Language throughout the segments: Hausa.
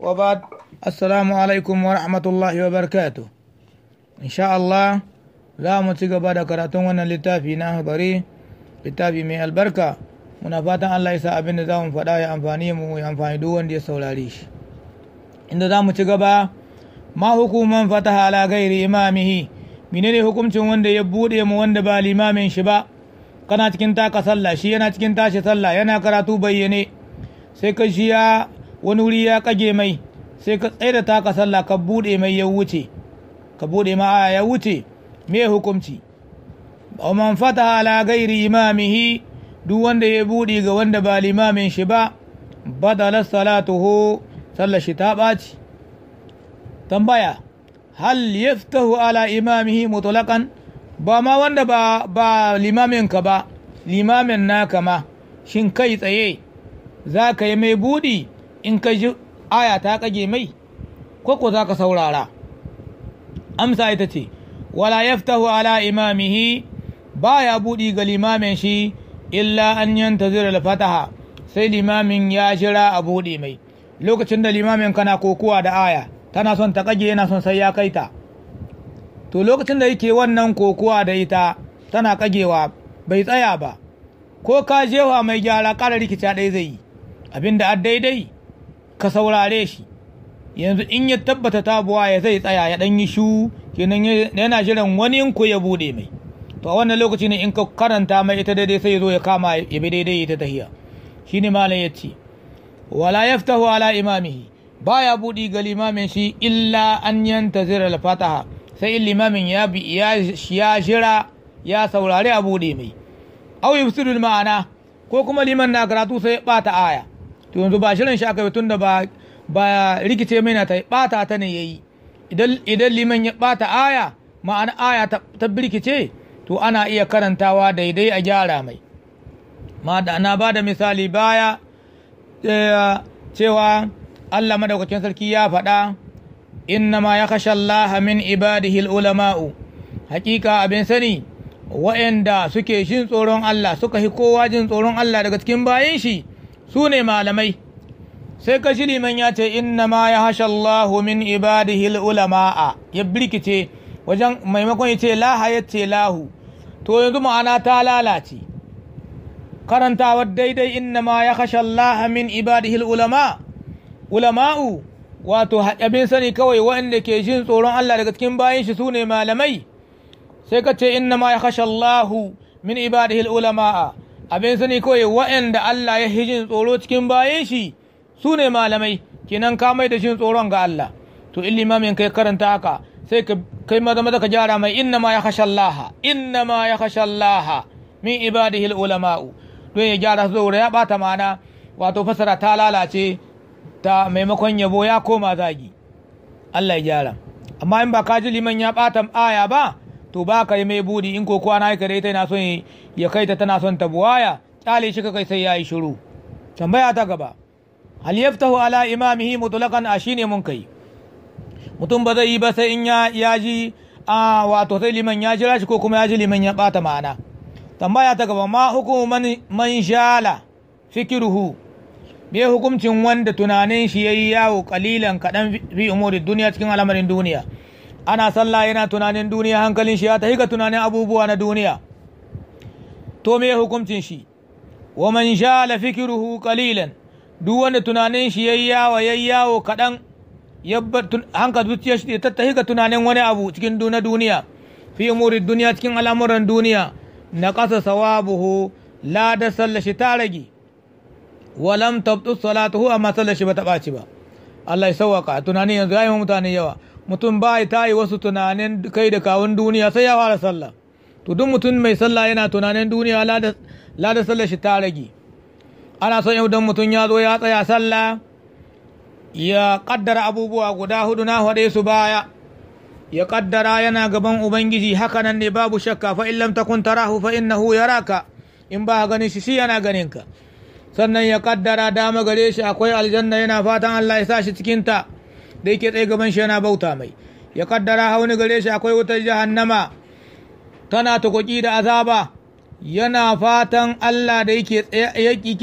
wa ba assalamu alaikum wa rahmatullahi wa barkatu insha Allah za mu ci gaba da karatun wannan littafi na habari littafi mai albarka muna fatan Allah ya sa abin da za mu faɗa ya amfani mu ya amfani duk wanda ya saurare shi inda za mu ci gaba ma hukuman fataha ala gairi imamihi menene hukuncin wanda ya buɗe mu wanda ba limamin shi ba kana cikin taka sallah shi yana cikin tashi sallah yana karatu bayyane sai ka shi ya wani wuri ya kage mai sai ka tsaida taka sallah ka bude mai ya wuce ka bude ma ya wuce me hukunci aw man fata ala ghairi imamihi duk wanda ya bude ga wanda ba limamin shi ba badala salatuhu sallar shi ta ɓaci tambaya hal yaftahu ala imamihi mutlaqan ba ma wanda ba ba limamin ka ba limamin naka ma shin kai tsaye za ka yi mai budi in ka ji aya ta kage mai ko ko za ka saurara amsa ita ce wala yaftahu ala imamihi ba ya buɗi ga limamin shi illa an yantazir al-fataha sai limamin ya jira a buɗe mai lokacin da limamin kana kokuwa da aya tana son ta kage yana son sai ya kai ta to lokacin da yake wannan kokuwa da ita tana kagewa bai tsaya ba ko ka jewa mai gyara ƙara rikica ɗaya zai yi abinda a daidai ka saurare shi yanzu in ya tabbata tabuwa ya zai tsaya ya ɗan yi shu kenan yana jiran wani yanku ya buɗe mai to a wannan lokaci ne in ka karanta mai ita daidai sai ya zo ya kama ya bi daidai ta tahiya shine malam ya ce wala yaftahu ala imamihi baya buɗi ga limamin shi illa an yantazira al-fataha sai limamin ya bi ya jira ya saurari a buɗe mai au yufsidul ma'ana ko kuma liman na karatu sai ya ɓata aya to yanzu ba shirin shi aka yi da ba ba rikice mai na ta bata ta ne ya yi. idan liman ya bata aya ma'ana aya ta birkice to ana iya karantawa daidai a gyara mai na ba da misali baya eh, cewa Allah madaukakin sarki ya faɗa innama ya kashe Allah min ibadihi ulama'u hakika abin sani wa'anda suke shin tsoron Allah suka hi kowa jin tsoron Allah daga cikin bayan shi su ne malamai sai ka ji liman ya ce inna ma ya hasha Allahu min ibadihi ulama'a ya birkice wajen maimakon ya ce laha ya ce lahu to yanzu ma'ana ta lalace karantawa daidai inna ma ya hasha Allaha min ibadihi ulama ulama'u wato abin sani kawai waɗanda ke jin tsoron Allah daga cikin bayan shi su ne malamai sai ka ce inna ma ya hasha Allahu min ibadihi ulama'a abin sani kawai wa'anda Allah ya jin tsoro cikin bayan shi su ne malamai kenan ka mai da shi tsoron ga Allah to in limamin kai karanta haka sai ka kai maza maza ka gyara mai inna ma ya khasha Allah inna ma ya khasha Allah min ibadihi ulama'u don ya gyara su ya bata mana wato fasara ta lalace ta maimakon yabo ya koma zagi Allah ya gyara amma in ba ka ji liman ya bata aya ba to ba ka yi mai budi in ko na ka da ita yana son ya kai ta tana son ta buwaya kyale shi ka kai sai ya yi shiru tambaya ta gaba hal yaftahu ala imamihi mutlaqan a shine mun kai mutum ba zai yi ba sai in ya ji a wato sai liman ya jira shi ko kuma ya ji liman ya bata ma'ana tambaya ta gaba ma hukumu man shala fikiruhu me hukumcin wanda tunanin shi yayi yawo kalilan kaɗan fi umuri duniya cikin al'amarin duniya ana sallah yana tunanin duniya hankalin shi ya tafi tunanin abubuwa na duniya to me hukuncin shi wa man shala fikruhu qalilan duk wanda tunanin shi yayyawa yayyawo kadan hankal zuciyar shi ta tafi ga tunanin wani abu cikin na duniya fi umuri duniya cikin al'amuran duniya na ƙasa sawabuhu la da sallashi ta rage walam tabtu salatuhu amma sallashi ba ta ɓaci ba Allah ya sauwaka tunanin yanzu ya yi mutane yawa mutum ba ta yi wasu tunanin kai da kawun duniya sai ya fara sallah to duk mutum mai sallah yana tunanin duniya lada sallah shi ta rage ana son yau don mutum ya zo ya tsaya sallah ya kaddara abubuwa guda hudu na haɗe su baya ya kaddara yana gaban ubangiji hakanan ne babu shakka fa in lam takun tarahu fa innahu yaraka in ba ganin shi shi yana ganin ka sannan ya kaddara dama gare shi akwai aljanna yana fatan Allah ya sa shi cikin ta da yake tsaye gaban shi yana bauta mai ya kaddara hauni gare shi akwai wutar jahannama tana tukuki da azaba yana fatan Allah da yake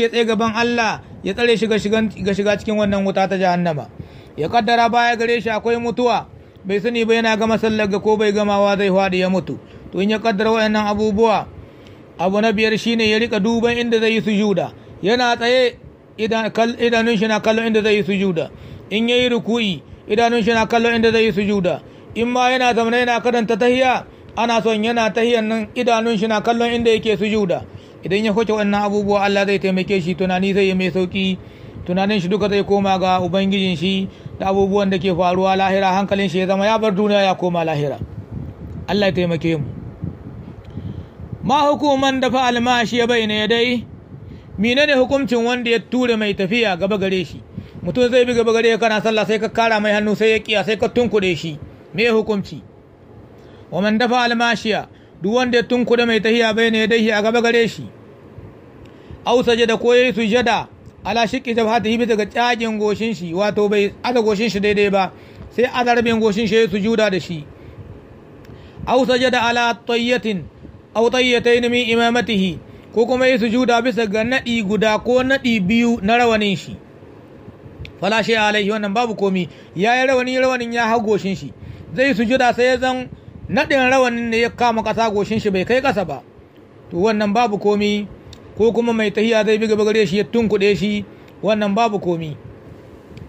tsaye gaban Allah ya tsare shi ga shiga cikin wannan wuta ta jahannama ya kaddara baya gare shi akwai mutuwa bai sani ba yana gama sallar ga ko bai gamawa zai faɗi ya mutu to in ya kaddara wayannan abubuwa abu na biyar shine ya rika duban inda zai yi sujuda yana tsaye idanun shi na kallon inda zai yi sujuda in ya yi ruku'i idanun shi na kallon inda zai yi sujuda in ma yana zaune yana karanta tahiya ana son yana tahiyan nan idanun shi na kallon inda yake sujuda idan ya kwace wannan abubuwa Allah zai taimake shi tunani zai yi mai sauki tunanin shi duka zai koma ga ubangijin shi da abubuwan da ke faruwa lahira hankalin shi ya zama ya bar duniya ya koma lahira Allah ya taimake mu ma hukuman da fa almashi ya bayyana ya dai menene hukuncin wanda ya ture mai tafiya gaba gare shi mutum zai bi gaba gare kana sallah sai ka kara mai hannu sai ya kiya sai ka tunkuɗe shi me hukunci wa man dafa almashiya duk wanda ya tunkuɗe mai tahiya bai ne dahi a gaba gare shi au sajada ko yayi sujada ala shiki jabhatihi bi daga cakin goshin shi wato bai aza goshin shi daidai ba sai aza rabin goshin shi yayi sujuda da shi au sajada ala tayyatin au tayyatayn min imamatihi ko kuma yayi sujuda bisa ga nadi guda ko nadi biyu na rawanin shi fala shi alaihi wannan babu komi ya yi rawani rawanin ya hau goshin shi zai sujuda sai ya zan naɗin rawanin da ya kama ƙasa goshin shi bai kai ƙasa ba to wannan babu komi ko kuma mai tahiya zai biga bagare shi ya tunkuɗe shi wannan babu komi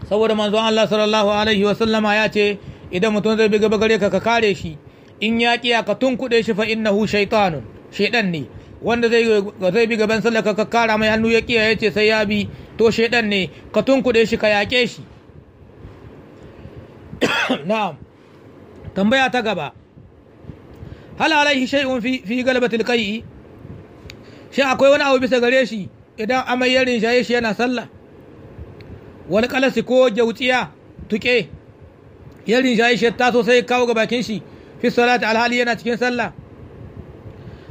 saboda manzon Allah sallallahu alaihi wa sallama ya ce idan mutum zai biga bagare ka ka kare shi in ya kiya ka tunkuɗe shi fa innahu shaytanun shaydan ne wanda zai zai bi gaban sallah ka kakkara mai hannu ya kiyaye ce sai ya bi to shaidan ne ka tunkuɗe shi ka yaƙe shi na'am tambaya ta gaba hal alaihi shay'un fi fi galabatil qai'i shi akwai wani abu bisa gare shi idan amai ya shi yana sallah wal qalasi ko jawtiya tuke ya shaye shi ta sosai kawo ga bakin shi fi salati alhali yana cikin sallah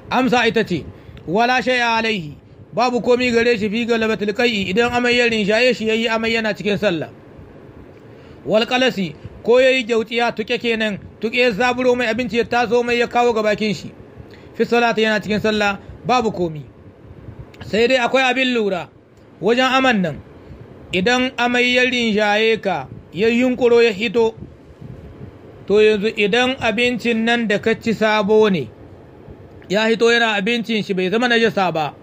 amsa ita ce wala shay alaihi babu komi gare shi fi galabatul qai'i idan amai ya shaye shi yayi amai yana cikin sallah wal qalasi ko yayi gyautiya tuke kenan tuke zaburo mai abinci ya taso mai ya kawo ga bakin shi fi salati yana cikin sallah babu komi sai dai akwai abin lura wajen aman nan idan amai ya shaye ka ya yunkuro ya hito to yanzu idan abincin nan da ka ci sabo ne ya hito yana abincin shi bai zama najasa ba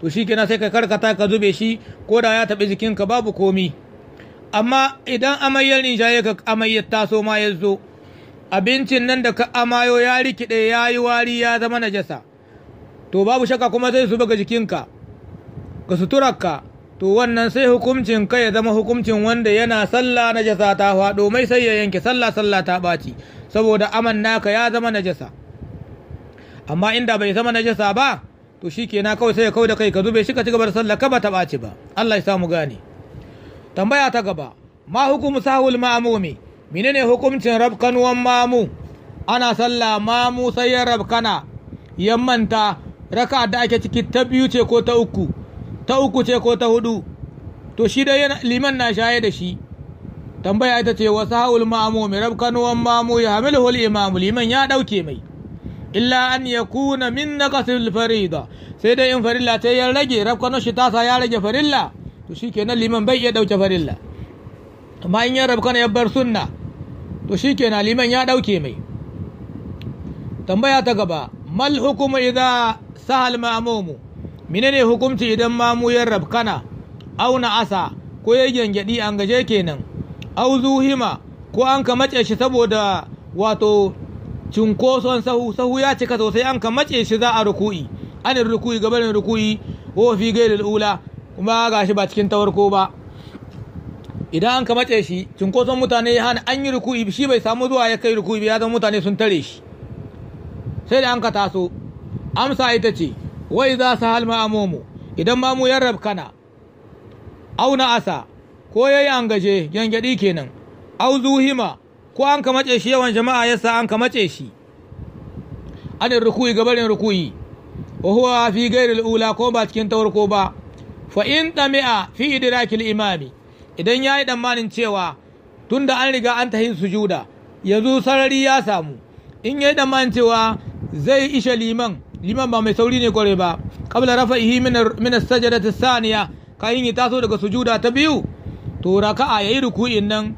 to shi kenan sai ka karkata ka zube shi ko da ya taɓi jikinka babu komi amma idan amayyar rinjaye ka amayyar taso ma ya zo abincin nan da ka amayo ya rikide ya yi wari ya zama najasa to babu shakka kuma zai zuba ga jikinka ka suturarka to wannan sai hukuncin ka ya zama hukuncin wanda yana sallah najasa ta faɗo mai sai ya yanke sallah sallah ta ɓaci saboda aman naka ya zama najasa amma inda bai zama najasa ba to shi na kawai sai ya kawai da kai ka zube shi ka ci gaba da sallah ka ba ta ɓaci ba Allah ya samu gane tambaya ta gaba ma hukumu sahul ma'amumi menene hukuncin rabkanuwan mamu ana sallah mamu sai ya rabkana ya manta raka da ake ciki ta biyu ce ko ta uku ta uku ce ko ta hudu to shi dai liman na shaye da shi tambaya ita ce wasu haul ma'amu mai rabkanuwan mamu ya hamilu imamu liman ya ɗauke mai illa an ya kuna min nakasin farida sai dai in farilla ta ya rage rabkano shi tasa ya rage farilla to shikenan liman bai iya ɗauke farilla amma in ya rabkano ya bar sunna to shikenan liman ya ɗauke mai tambaya ta gaba mal hukumu idan sahal mine menene hukunci idan mamu ya rabkana au na asa ko ya gyangyaɗi an gaje kenan au zuhima ko an ka mace shi saboda wato cunkoson sahu sahu ya cika sosai an ka mace shi za a ruku'i anin ruku'i gabanin ruku'i ko fi gairil ula kuma gashi ba cikin tawarko ba idan an ka mace shi cunkoson mutane ya hana an yi ruku'i shi bai samu zuwa ya kai ruku'i ya zama mutane sun tare shi sai da an ka taso amsa ita ce wai za su halma amomo idan mu Yarrabkana. kana auna asa ko yayi angaje gyangyaɗi kenan au zuhima ko an ka shi yawan jama'a yasa an ka shi An rukuyi gabarin rukuyi wa huwa fi gairil ula ko ba cikin tawarko ba fa in dami'a fi idrakil imami idan yayi damanin cewa tunda an riga an tahi sujuda yanzu sarari ya samu in yayi damanin cewa zai isha liman liman ba mai sauri ne kware ba qabla rafa'ihi min as-sajdati as-thaniya kayin ya taso daga sujuda ta biyu to raka'a yayi ruku'in nan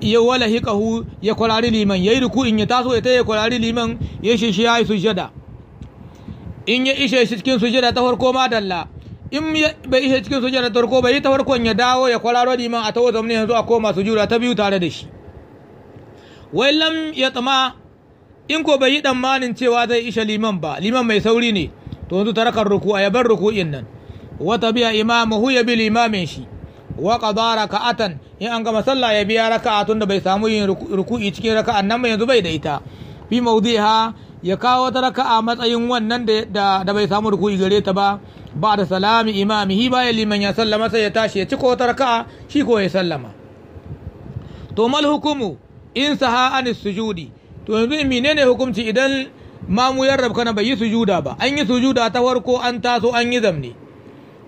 ya wala hikahu ya kwarari liman ya yi ruku in ya taso ya ta ya kwarari liman ya shishi yayi sujada in ya ishe shi cikin sujada ta farko ma dalla in bai ishe cikin sujada ta farko bai yi ta farkon ya dawo ya kwararo liman a ta wata zamne yanzu a koma su sujuda ta biyu tare da shi wai lam ya tsama in ko bai yi tsammanin cewa zai ishe liman ba liman mai sauri ne to yanzu tarakar ruku'a ya bar ruku'in nan wata biya imamahu ya bi limamin shi wa qada raka'atan in an gama sallah ya biya raka'a tun da bai samu yin ruku'i cikin raka'an nan ba yanzu bai da ita fi mawdiha ya kawo ta raka'a matsayin wannan da bai samu ruku'i gare ta ba ba da salami hi bayan liman ya sallama sai ya tashi ya ci ko ta raka'a shi ko ya sallama to mal hukumu in saha an sujudi to yanzu menene hukunci idan mamu yarrabka na bai yi sujuda ba an yi sujuda ta farko an taso an yi zamne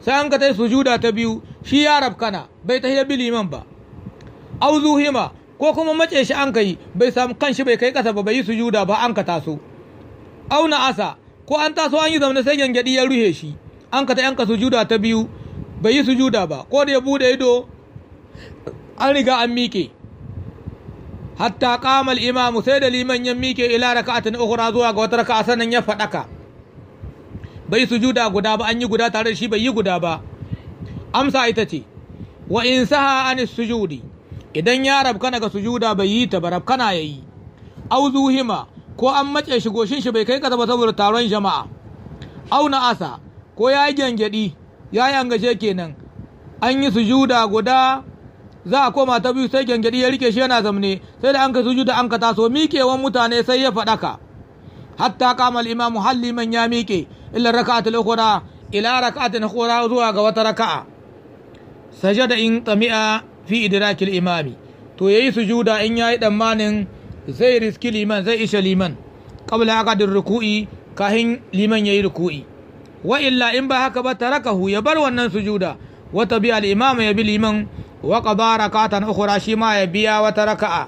sai an ka ta sujuda ta biyu shi ya rabkana bai ta bi liman ba au zuhima ko kuma mace shi an kai bai samu kanshi bai kai kasa ba bai yi sujuda ba an ka taso au na asa ko an taso an yi zaune sai gyangyaɗi ya ruhe shi an ka ta yanka sujuda ta biyu bai yi sujuda ba ko da ya bude ido an riga an miƙe hatta kamal imamu sai da liman ya miƙe ila raka'atin ukhra zuwa ga wata raka'a sannan ya faɗaka bai sujuda guda ba an yi guda tare da shi bai yi guda ba amsa ita ce wa in saha anis sujudi idan ya rabkana ga sujuda bai yi ta ba rabkana ya yi au zuhima ko an mace shi goshin shi bai kai kasa ba saboda taron jama'a au na asa ko ya yi gyangyaɗi ya yi angashe kenan an yi sujuda guda za a koma ta biyu sai gyangyaɗi ya rike shi yana zamne sai da an ka sujuda an ka taso miƙewan mutane sai ya faɗaka hatta kama imamu Imam man ya miƙe illa raka'at al-ukhra ila raka'at al-ukhra zuwa ga wata raka'a sajada in tami'a fi idrakil imami to yayi sujuda in yayi damanin zai riski liman zai isha liman qabla aqadir ruku'i kahin liman yayi ruku'i wa illa in ba haka ba tarakahu ya bar wannan sujuda wa tabi al-imam ya bi liman wa qada na ukhra shi ma ya biya wata raka'a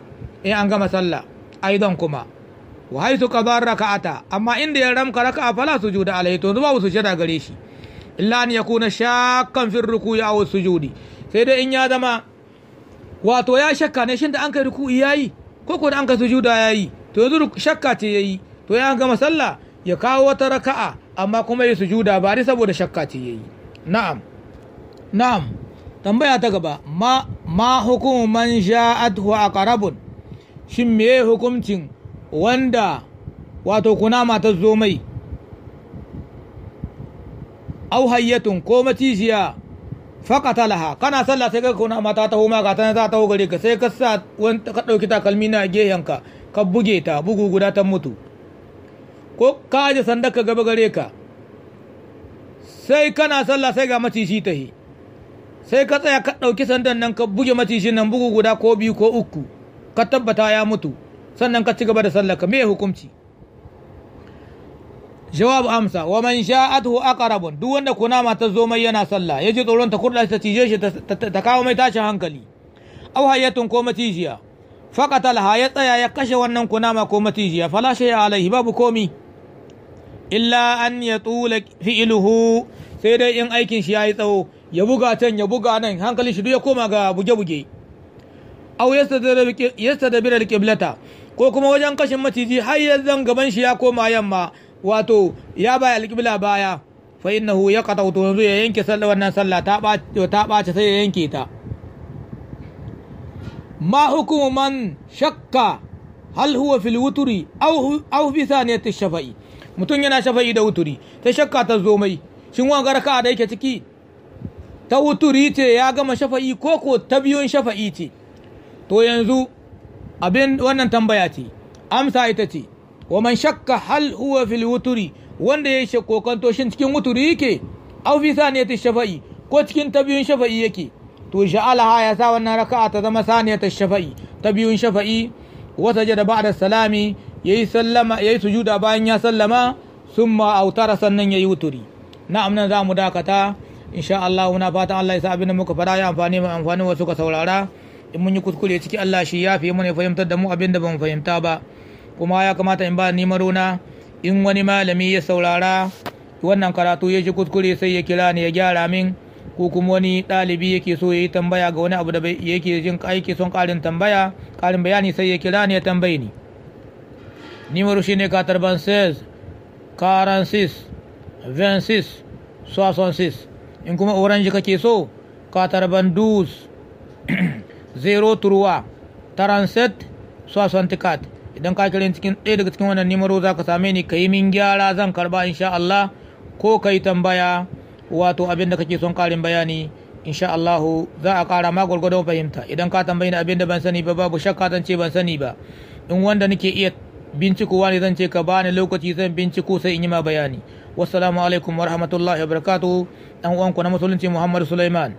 in an gama sallah aidan kuma wa haitu qada raka'ata amma inda ya ramka raka'a fala sujuda alai to su shada gare shi illa an yakuna shakkan fi ruku'i aw sujudi sai dai in ya zama wato ya shakka ne shin da an kai ruku'i yayi ko ko da an kai sujuda yayi to yanzu shakka ce yayi to ya gama sallah ya kawo wata raka'a amma kuma ya sujuda ba dai saboda shakka ce yayi na'am na'am tambaya ta gaba ma ma hukumu man wa aqrabun shin me hukuncin wanda wato kunama ta zo mai au hayyatun ko macijiya fakata laha kana sallah sai ka kunama ta taho ma za ta taho gare ka sai ka sa ka ɗauki takalmi na gehenka ka buge ta bugu guda ta mutu ko ka aje sandar ka gaba gare ka sai kana sallah sai ga macishi ta yi sai ka tsaya ka ɗauki sandan nan ka buge macijin nan bugu guda ko biyu ko uku ka tabbata ya mutu sannan ka ci gaba da sallaka me hukunci jawabu amsa wa man sha'atuhu aqrabun duk wanda kunama ta zo mai yana sallah yaji tsoron ta kurda ta cije shi ta kawo mai tashin hankali aw hayatun ko matijiya faqatal ya tsaya ya kashe wannan kunama ko matijiya fala shay alaihi babu komi illa an yatula fi'luhu sai dai in aikin shi yayi tsawo ya buga can ya buga nan hankalin shi duk ya koma ga buge-buge aw da al-qiblata ko kuma wajen kashin maciji har yanzu gaban shi ya koma yamma wato ya baya alƙibla baya fa innahu ya wato yanzu ya yanke sallah wannan sallah ta ɓace sai ya yanke ta ma hukumu man shakka hal huwa fil wuturi aw fi saniyati shafa'i mutum yana shafa'i da wuturi sai shakka ta zo mai shin wanga raka'a da yake ciki ta wuturi ce ya gama shafa'i ko ko ta biyun shafa'i ce to yanzu abin wannan tambaya ce amsa ita ce wa man shakka hal huwa fil wuturi wanda ya shi kokanto shin cikin wuturi yake aw fi saniyati shafa'i ko cikin tabiyun shafa'i yake to sha'alaha ya sa wannan raka'a ta zama saniyati shafa'i tabiyun shafa'i wa sajada ba'da salami yayi sallama yayi sujuda bayan ya sallama summa autara sannan yayi wuturi na'am nan za mu dakata insha Allah muna fatan Allah ya sa abin da muka fara ya amfani mu amfani wasu ka saurara in mun yi kuskure ciki Allah shi ya fi mana fahimtar da mu abin da ban fahimta ba kuma ya kamata in ba ni marona in wani malami ya saurara wannan karatu ya ji kuskure sai ya kira ni ya gyara min ko kuma wani ɗalibi yake so ya yi tambaya ga wani abu da yake jin aiki son ƙarin tambaya ƙarin bayani sai ya kira ni ya tambaye ni Nimaru shi ne ban ses karan sis ven sis swason sis in kuma orange kake so katarban dus 03 37 64 idan ka kirin cikin ɗaya daga cikin wannan nimaro za ka same ni ka yi min gyara zan karba insha Allah ko ka yi tambaya wato abin da kake son karin bayani insha Allah za a kara ma gwargwadon fahimta idan ka tambayi ni abin da ban sani ba babu shakka zan ban sani ba in wanda nake iya bincikowa ne zan ce ka bani lokaci zan binciko sai in yi ma bayani wassalamu alaikum warahmatullahi wabarakatuh dan uwanku na musulunci Muhammad Sulaiman